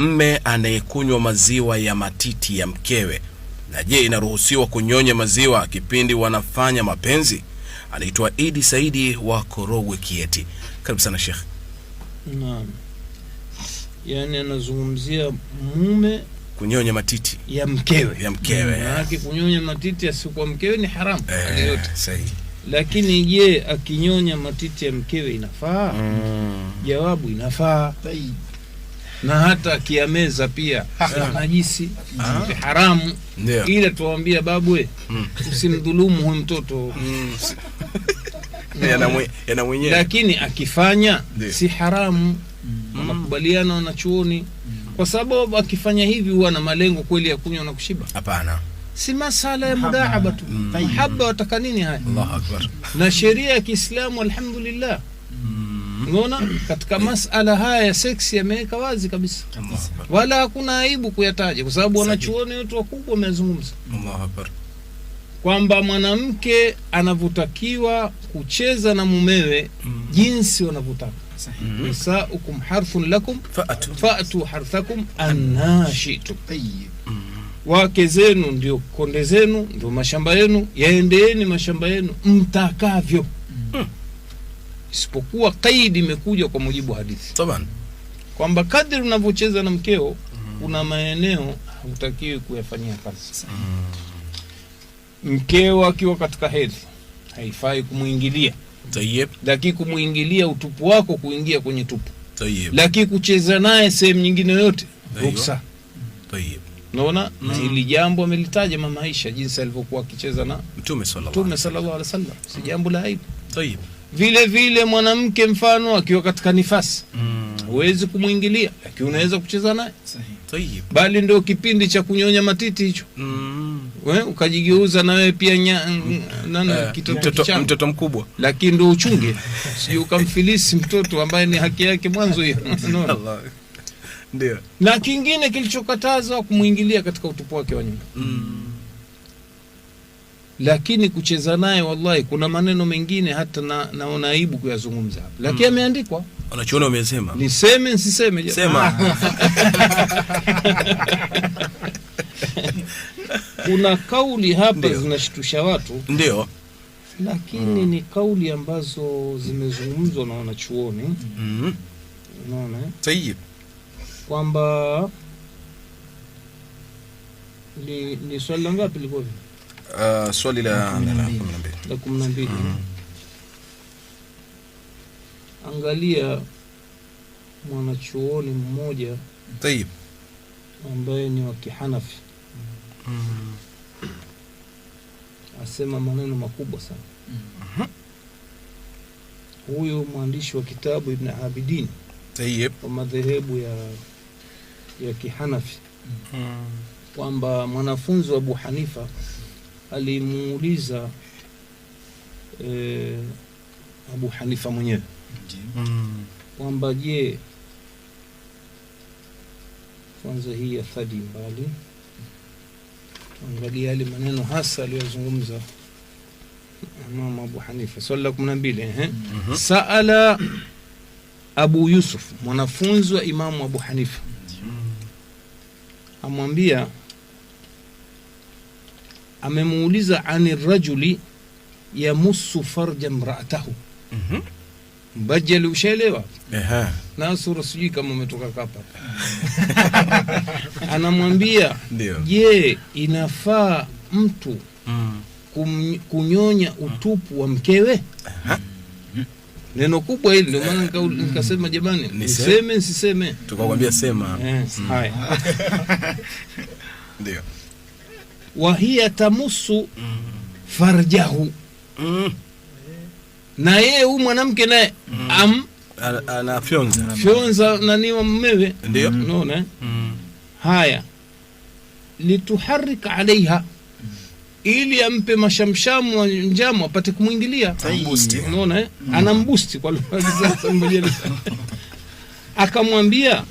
mwanamme anayekunywa maziwa ya matiti ya mkewe. Na je, inaruhusiwa kunyonya maziwa kipindi wanafanya mapenzi? Anaitwa Idi Saidi wa Korogwe Kieti. Karibu sana Sheikh. Naam, yani anazungumzia mume kunyonya matiti ya mkewe, ya mkewe. Maana kunyonya matiti ya kwa mkewe ni haramu eh, yote. Lakini je, akinyonya matiti ya mkewe inafaa? Mm. Jawabu inafaa. Sahihi na hata akiameza pia najisi haramu, ila tuwambia babwe, hmm. usimdhulumu huyu mtoto hmm. yana mwenyewe, lakini akifanya si haramu. Hmm. Wanakubaliana wanachuoni, kwa sababu akifanya hivi huwa na malengo kweli ya kunywa na kushiba? Hapana, si masala ya mudaaba tu, mahaba wataka nini haya? Na sheria ya Kiislamu alhamdulillah unaona katika masala haya ya seksi yameweka wazi kabisa wala hakuna aibu kuyataja kwa sababu wanachuoni wetu wakubwa wamezungumza kwamba mwanamke anavyotakiwa kucheza na mumewe mm. jinsi wanavyotaka mm. nisaukum harfun lakum faatu, harthakum annashitu mm. wake zenu ndio konde zenu ndio mashamba yenu yaendeeni mashamba yenu mtakavyo mm isipokuwa kaidi imekuja kwa mujibu wa hadithi Taban. kwamba kadri unavyocheza na mkeo kuna mm-hmm. maeneo hutakiwi kuyafanyia kazi. mm-hmm. Mkeo akiwa katika hedhi haifai kumwingilia, lakini kumwingilia utupu wako kuingia kwenye tupu, lakini kucheza naye sehemu nyingine yoyote ruksa. Naona mm. na hili jambo amelitaja mama Aisha jinsi alivyokuwa akicheza na Mtume sallallahu alaihi wasallam, si mm. jambo la aibu. Vile vile mwanamke mfano akiwa katika nifasi mm. huwezi mm. kumwingilia, lakini unaweza kucheza naye, bali ndio kipindi cha kunyonya matiti hicho mm. ukajigeuza na wewe pia nya, mm. nana, uh, eh, kitoto, mtoto, mtoto mkubwa, lakini ndio uchunge sio ukamfilisi mtoto ambaye ni haki yake mwanzo hiyo na kingine kilichokatazwa kumwingilia katika utupu wake wa nyumba mm lakini kucheza naye wallahi, kuna maneno mengine hata na, naona aibu kuyazungumza hapa, lakini hmm. ameandikwa mm. wamesema, niseme nsiseme? Sema. Ah. kuna kauli hapa Ndiyo. zinashtusha watu ndio, lakini mm. ni kauli ambazo zimezungumzwa na wanachuoni mm. sahihi kwamba ni, ni swali la ngapi likuwa Uh, swali la kumi na mbili mm-hmm. angalia mwanachuoni mmoja Tayib ambaye ni wa kihanafi mm. asema maneno makubwa sana mm. huyu mwandishi wa kitabu Ibn Abidin Tayib wa madhehebu ya, ya kihanafi mm. kwamba mwanafunzi wa Abu Hanifa alimuuliza e, Abu Hanifa mwenyewe mm. kwamba je, kwanza hii athari mbali tuangalia yale maneno hasa aliyozungumza Imam Abu Hanifa swali la kumi na mbili mm -hmm. Saala Abu Yusuf mwanafunzi wa Imamu Abu Hanifa mm. amwambia amemuuliza ani rajuli yamusu farja mraatahu mm-hmm. Mbajali, ushaelewa nasura, sijui kama umetoka kapa anamwambia je, inafaa mtu mm. kum, kunyonya utupu wa mkewe? Aha. Neno kubwa hili ndio maana nikasema, jamani, niseme nsiseme Tukakwambia sema. Mm. wa hiya tamusu farjahu mm. na yeye huyu mwanamke naye mm. am anafyonza fyonza nani mmewe, ndio mm. mm. haya lituharik alaiha mm. ili ampe mashamshamu wa njamu apate kumwingilia, unaona mm. mbusti kwa lugha akamwambia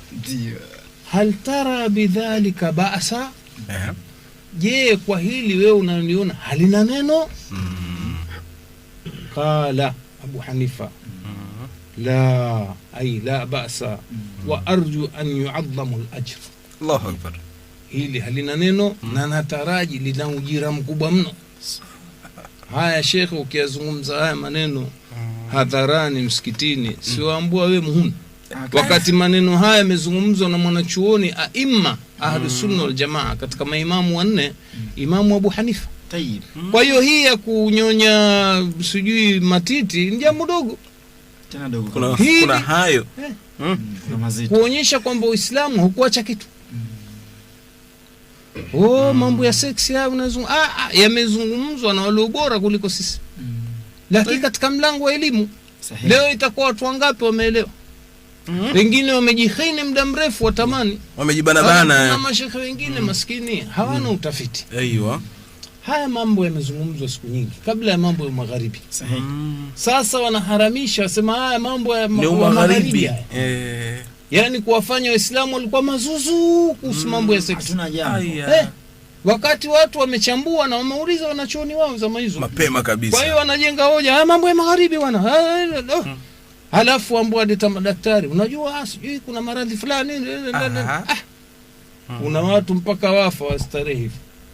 hal tara bidhalika basa Je, kwa hili wewe unaniona halina neno? mm. Qala Abu Hanifa mm. la ai la basa mm. wa arju an yuadhamu al-ajr. akbar, hili halina neno mm. na nataraji lina ujira mkubwa mno. Haya shekhe, ukiyazungumza haya maneno mm. hadharani msikitini, mm. siwaambua we muhuni Wakati maneno haya yamezungumzwa na mwanachuoni aima ahlusunna mm. waljamaa katika maimamu wanne, mm. Imamu Abu Hanifa. Mm. Kwa hiyo hii ya kunyonya sijui matiti ni jambo dogo hayo eh, kuonyesha kwamba Uislamu hukuacha kitu mm. Oh, mambo ya seksi hayo ah, ah, yamezungumzwa na walio bora kuliko sisi mm. Lakini katika mlango wa elimu leo itakuwa watu wangapi wameelewa? Mhm. wengine wamejihaini muda mrefu, watamani wamejibana bana na mashekhe wengine mhm. maskini hawana mhm. utafiti. Aiywa. haya mambo yamezungumzwa siku nyingi kabla ya mambo ya magharibi. Sahihi. Sasa wanaharamisha wasema haya mambo ya magharibi eh, yani kuwafanya Waislamu walikuwa mazuzu kuhusu mm. mambo ya seksi. Hatuna jambo eh, wakati watu wamechambua na wameuliza wanachuoni wao zama hizo mapema kabisa. Kwa hiyo wanajenga hoja haya mambo ya magharibi bwana eh, eh, oh. mm halafu ambwaleta madaktari, unajua ah, sijui kuna maradhi fulani ah, hmm. una watu mpaka wafa wastarehe,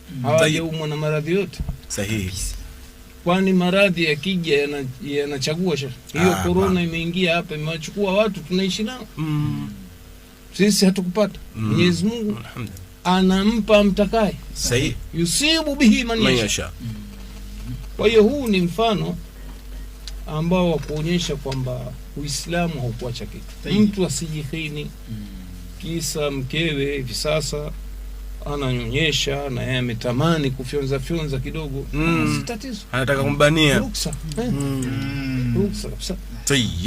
hmm. hawajaumwa na maradhi yote. Sahihi. Kwani maradhi yakija yanachagua sha ah, hiyo korona imeingia hapa, imewachukua watu, tunaishi nao mm. Sisi hatukupata hmm. Mwenyezi mm. Mungu anampa mtakaye, yusibu bihi man yasha. Kwa hiyo huu ni mfano ambao wakuonyesha kwamba Uislamu haukuacha kitu, mtu asijihini mm. kisa mkewe hivi sasa ananyonyesha na yeye ametamani kufyonza fyonza kidogo mm. Ah, anataka kumbania ruksa eh. mm. mm. ruksa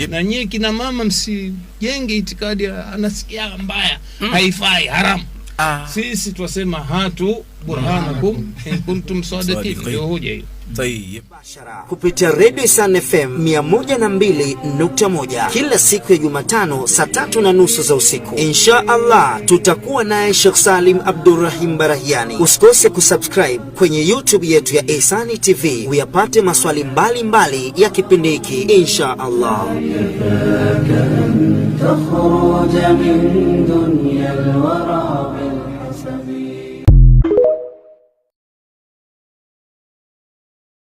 Na nyie kina mama msijenge itikadi anasikia mbaya mm. haifai haramu ah. Sisi twasema hatu burhanakum in kuntum sadiqin, ndio hoja hiyo. Tayyib kupitia Radio San FM 102.1 kila siku ya Jumatano saa tatu na nusu za usiku. Insha Allah tutakuwa naye Sheikh Salim Abdurrahim Barahiani. Usikose kusubscribe kwenye YouTube yetu ya esani TV uyapate maswali mbalimbali mbali ya kipindi hiki insha Allah.